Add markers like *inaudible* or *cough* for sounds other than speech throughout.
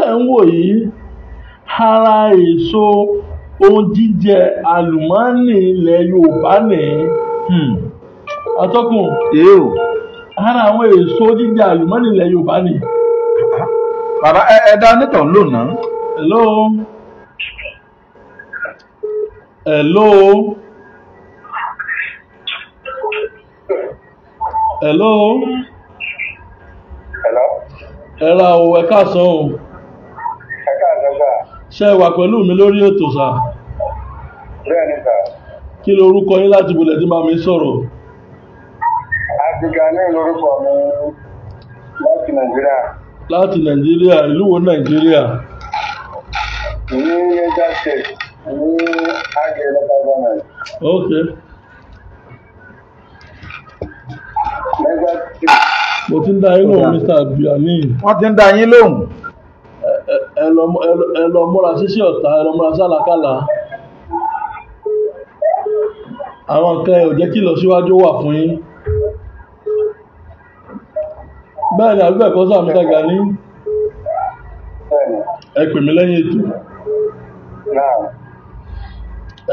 tẹ́ ń wò yìí ara èso ohun jíjẹ àlùmọ́ọ́nì ilẹ̀ Yorùbá ni hmm. atọ́kùn ara àwọn èso jíjẹ àlùmọ́ọ́nì ilẹ̀ Yorùbá ni. bàbá ẹ ẹ dá nítàn lónàá. hello hello hello. ẹ ra o ẹ káàsán ṣe wà pẹ̀lú mi lórí ètò sà kí lorúkọ yín láti bulẹ̀ tí máa mi sọ̀rọ̀ Abdulgani lorúkọ mi láti Nàìjíríà láti Nàìjíríà ìlú wo Nàìjíríà ní Niger State ní Agé local Oke, ok mo ti ń da yín Mr. Abdulgani wọ́n ti ń dá yín ẹ lọ múra sísí ọ̀tá ẹ lọ múra sálàkàlà àwọn nǹkan ẹ̀ ò jẹ́ kí ìlọsíwájú wà fún yín bẹ́ẹ̀ ni àbíbẹ̀ kọ́ sáà mẹ́ta gani ẹ pè mí lẹ́yìn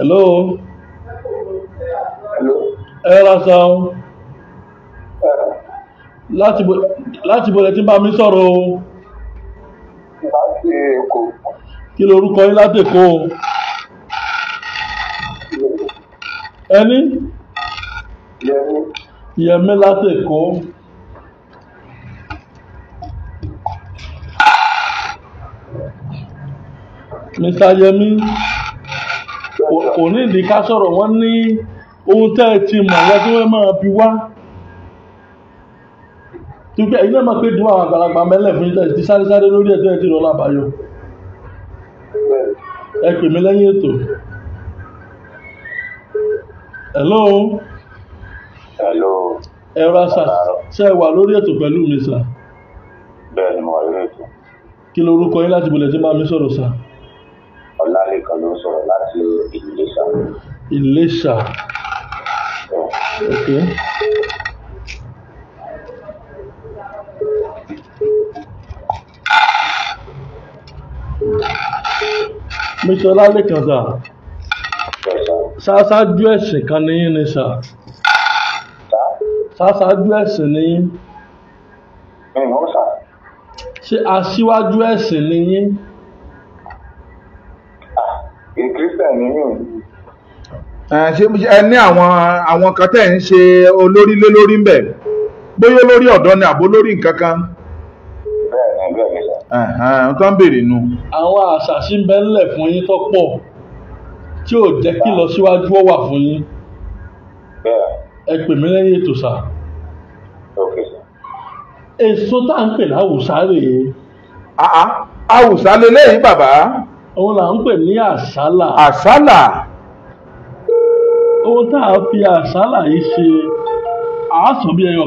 ètò hello ẹ ra sáà láti bọ̀lẹ̀ tí bá mi sọ̀rọ̀ o kí lorúkọ yín látèkó o ẹni yẹmí látèkó mr yẹmí kò ní ìdí ká sọ̀rọ̀ wọ́n ní ohun tẹ́ ẹ ti mọ̀ wọ́n tí wọ́n máa bi wá tó gbé ẹ̀yin náà máa pé dùn àwọn àgbàlagbà mẹ́lẹ̀ fún yín tẹ́ ẹ ti sáré sáré lórí ẹ̀ tẹ́ ẹ ti rọ̀ lábàáyọ ẹ pè mí lẹ́yìn ètò hello hello ẹ rà sà ṣe é wà lórí ètò pẹ̀lú mi sà bẹ́ẹ̀ ni mo wà lórí ètò kí ló orúkọ yín láti bolẹ̀ tí máa mi sọ̀rọ̀ sà ọ̀làlẹ́kan ló sọ̀rọ̀ láti Iléṣà Iléṣà ok. okay. mr ọlálẹ́kan sà ṣáṣáájú ẹ̀sìn kan ní yín ni sà ṣáṣáájú ẹ̀sìn ní yín ṣé aṣíwájú ẹ̀sìn ní yín. ìkírísítẹ̀ ni yín ṣe ẹ ní àwọn àwọn kan tẹ̀ ń ṣe olórí lé lórí ń bẹ̀ bóyá olórí ọ̀dọ́ ni àbó lórí nǹkan kan. ẹ̀hán tó ń béèrè nu. àwọn àṣàṣì ń bẹ ńlẹ̀ fún yín tó pọ̀ tí ò jẹ́ kí lọ síwájú ó fún yín ẹ pè mí lẹ́yìn ètò sà. èso tá à ń pè láwùsá rèé. àwùsá lélẹ́yìn bàbá. òun là ń pè ní a fi bi yìí ṣe àásùn bí ẹyọ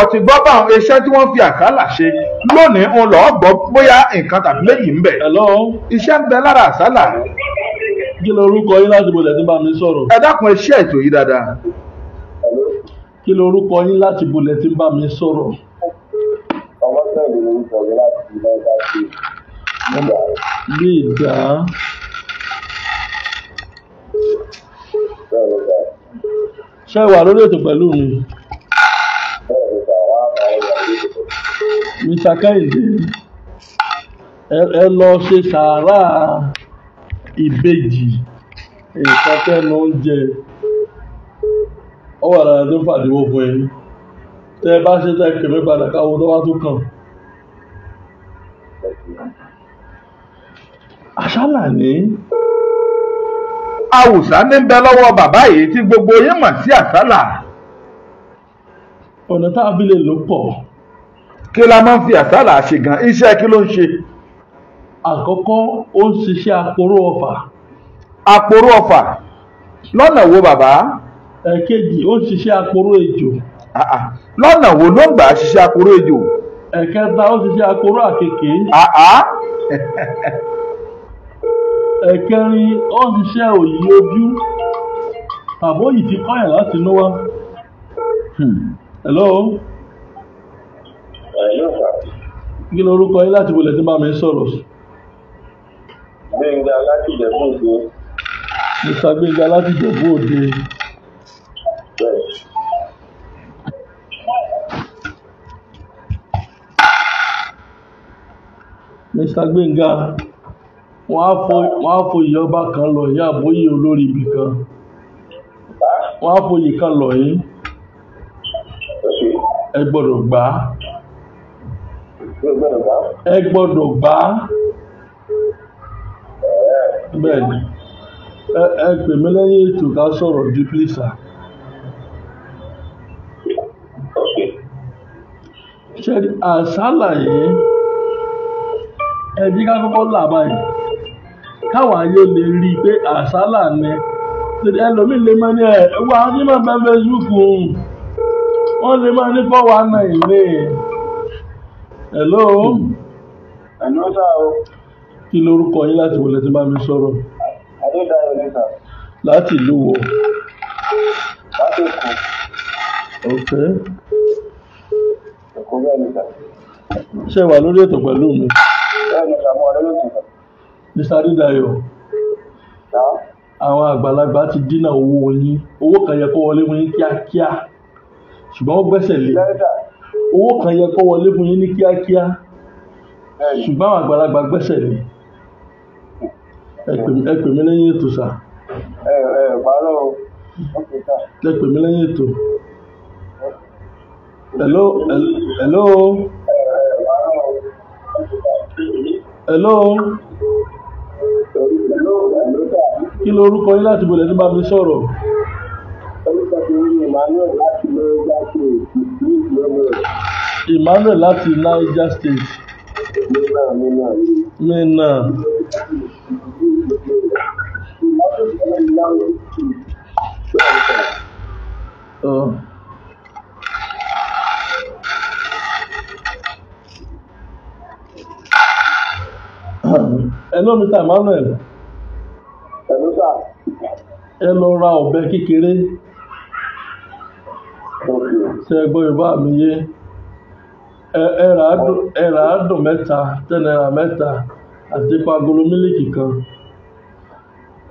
ọtí gbọ́ bá àwọn iṣẹ́ tí wọ́n fi àkàlà ṣe lónìí ń lọ́ọ́ gbọ́ bóyá nǹkan tàbí méjì ń bẹ. iṣẹ́ ń bẹ lára àsálà. kí ló orúkọ yín láti bolẹ̀ tí bá mi sọ̀rọ̀. ẹ dákun ẹ ṣe ètò yìí dáadáa. kí ló orúkọ yín láti bolẹ̀ tí bá mi sọ̀rọ̀. bí ìdá. ṣé ìwà lórí ètò pẹ̀lú mi. ìsàká èdè ẹ lọ ṣe sàárà ìbejì nǹkan tẹ́nu oúnjẹ ọwọ́ àdára tó fàdíwó fún ẹ̀yin tẹ́ bá ṣe tẹ́ kèmí padà káwọn tó wá tó kàn àṣálà ní awùsá ní bẹ lọ́wọ́ bàbá yìí tí gbogbo yín mọ̀ sí àṣálà ọ̀nà tá a fi lè lò pọ̀ kí la máa ń fi àsálà ṣe gan iṣẹ́ kí ló ń ṣe. àkọ́kọ́ ó ń ṣiṣẹ́ Akpọrọ ọ̀fà. àporó ọ̀fà lọ́nà wo bàbá. ẹ̀kejì ó ń ṣiṣẹ́ àporó ejò. lọ́nà wo ló ń gbà ṣiṣẹ́ àporó ejò. ẹ̀kẹta ó ń ṣiṣẹ́ ẹ̀kẹrin ó ń ṣiṣẹ́ òyì ojú ti láti kí lorúkọ yín láti wọlé tí bá mi sọ̀rọ̀. gbẹ̀ngà láti ìjẹ̀bú òde. mr gbẹ̀ngà láti ìjẹ̀bú òde. mr gbẹ̀ngà wọ́n á fo ìyọba kan lọ ìyá àbóyè olórí ibì kan wọ́n á fo ìyì kan lọ yín ẹ gbọ́dọ̀ gbà á ẹ gbọ́dọ̀ gbà á bẹ́ẹ̀ ni ẹ pè mí lẹ́yìn ètò ká sọ̀rọ̀ dípìlì sà. ṣe àṣálà yìí ẹbí ká kọ́kọ́ là báyìí káwọn ayé lè rí i pé àṣálà ni ẹlòmíì lè máa ní ẹ wá ní màá bẹ Facebook wọ́n lè máa ní fọwọ́ àná ìlé hello. ẹ̀nú sá o. kí lorúkọ yín láti wọlé tí bá mi sọ̀rọ̀. adédáyọ̀ ní sà. láti ìlú wo. láti èkó. ok. èkó bẹ́ẹ̀ ni sà. ṣé wà lórí ètò pẹ̀lú mi. bẹ́ẹ̀ ni sà mo wà lórí ètò sà. mr adédáyọ̀. sà. àwọn àgbàlagbà ti dínà owó yín owó kan yẹ kó wọlé fún yín kíákíá ṣùgbọ́n ó gbẹ́sẹ̀ lé. bẹ́ẹ̀ sà owó kan yẹ kó wọlé fún yín ní kíákíá ṣùgbọ́n àwọn àgbàlagbà gbẹ́sẹ̀ mi ẹ pè mí lẹ́yìn ètò sà. ẹ ẹ pàrọ̀ lẹ́yìn ètò. hello hello. hello. kí lorúkọ yín láti bọ̀lẹ̀ nípa mi sọ̀rọ̀ ṣàkóso emmanuel láti niger state sí ìlú emmanuel láti mina Oh. Hello, Mr. Emmanuel. Hello, sir. Ẹ lọ ra ọ̀bẹ kékeré. tẹ́ gbọ́ Yorùbá mi yé ẹ̀rà àdùn mẹ́ta ten mẹ́ta àti pagolo kan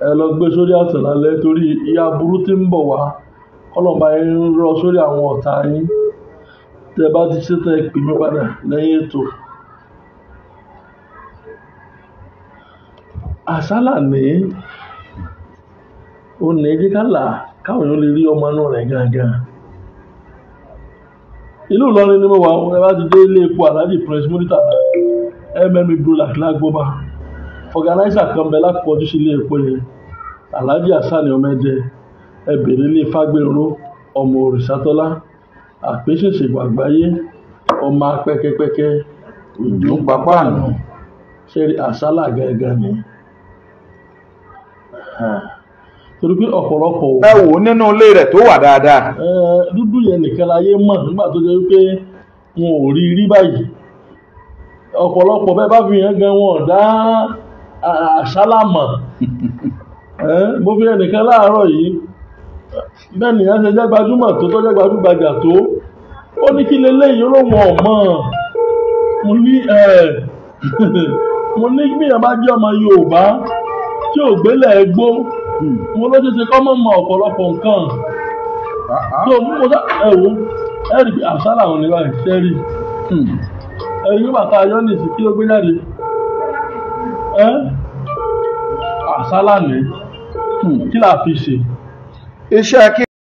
ẹ lọ gbé sórí àtàn lálẹ́ torí ìyà burú tí ń bọ̀ wá kọ́lọ̀mbà yín ń rọ sórí àwọn ọ̀tá yín bá ti ṣètò padà lẹ́yìn ètò. ní òní káwọn èèyàn lè ìlú Ìlọrin ni mo wà ó ẹ bá ti dé ilé epo aláàjì prince murita mmi brulac lágbóbá organizer kan bẹ lápọ̀jù sí ilé epo yẹn aláàjì hasan ọmọdé ẹ bèrè ilé fagbèrò ọmọ òrìṣàtọ́lá àpèsèsègbò àgbáyé ọmọ apẹkẹpẹkẹ òjò pápá àná ṣe àsálà gẹ́gẹ́ ni. Huh torí pé ọ̀pọ̀lọpọ̀. ẹ wò nínú ilé rẹ̀ tó wà dáadáa. ẹ dúdú yẹn nìkan láyé mọ̀ nígbà tó jẹ́ pé wọn ò rí rí báyìí ọ̀pọ̀lọpọ̀ bẹ́ẹ̀ bá fi yẹn gan wọn dá àṣálàmọ̀ *laughs* mo fi ẹnìkan láàárọ̀ yìí bẹ́ẹ̀ nìyẹn ṣe jẹ́ gbajúmọ̀ tó tó jẹ́ gbajúgbajà tó ó ní kí leléyìí olóhùn ọ̀mọ́ mo ní *laughs* mo ní bí yẹn bá jẹ́ ọmọ Yorùbá tí ò gbélé ẹ mo ló ṣeéṣe kọ́ mọ̀ mọ̀ ọ̀pọ̀lọpọ̀ nǹkan tó ah, mú ah. mo sá ẹ̀wò ẹ̀rì pé àṣà làwọn ní báyìí sẹ́rì hmm. ẹ̀yìn bàtà ayọ́nìsì kí ló gbé jáde ẹ́ àṣà lánàá hmm. kí là fi ṣe. iṣẹ́ kí.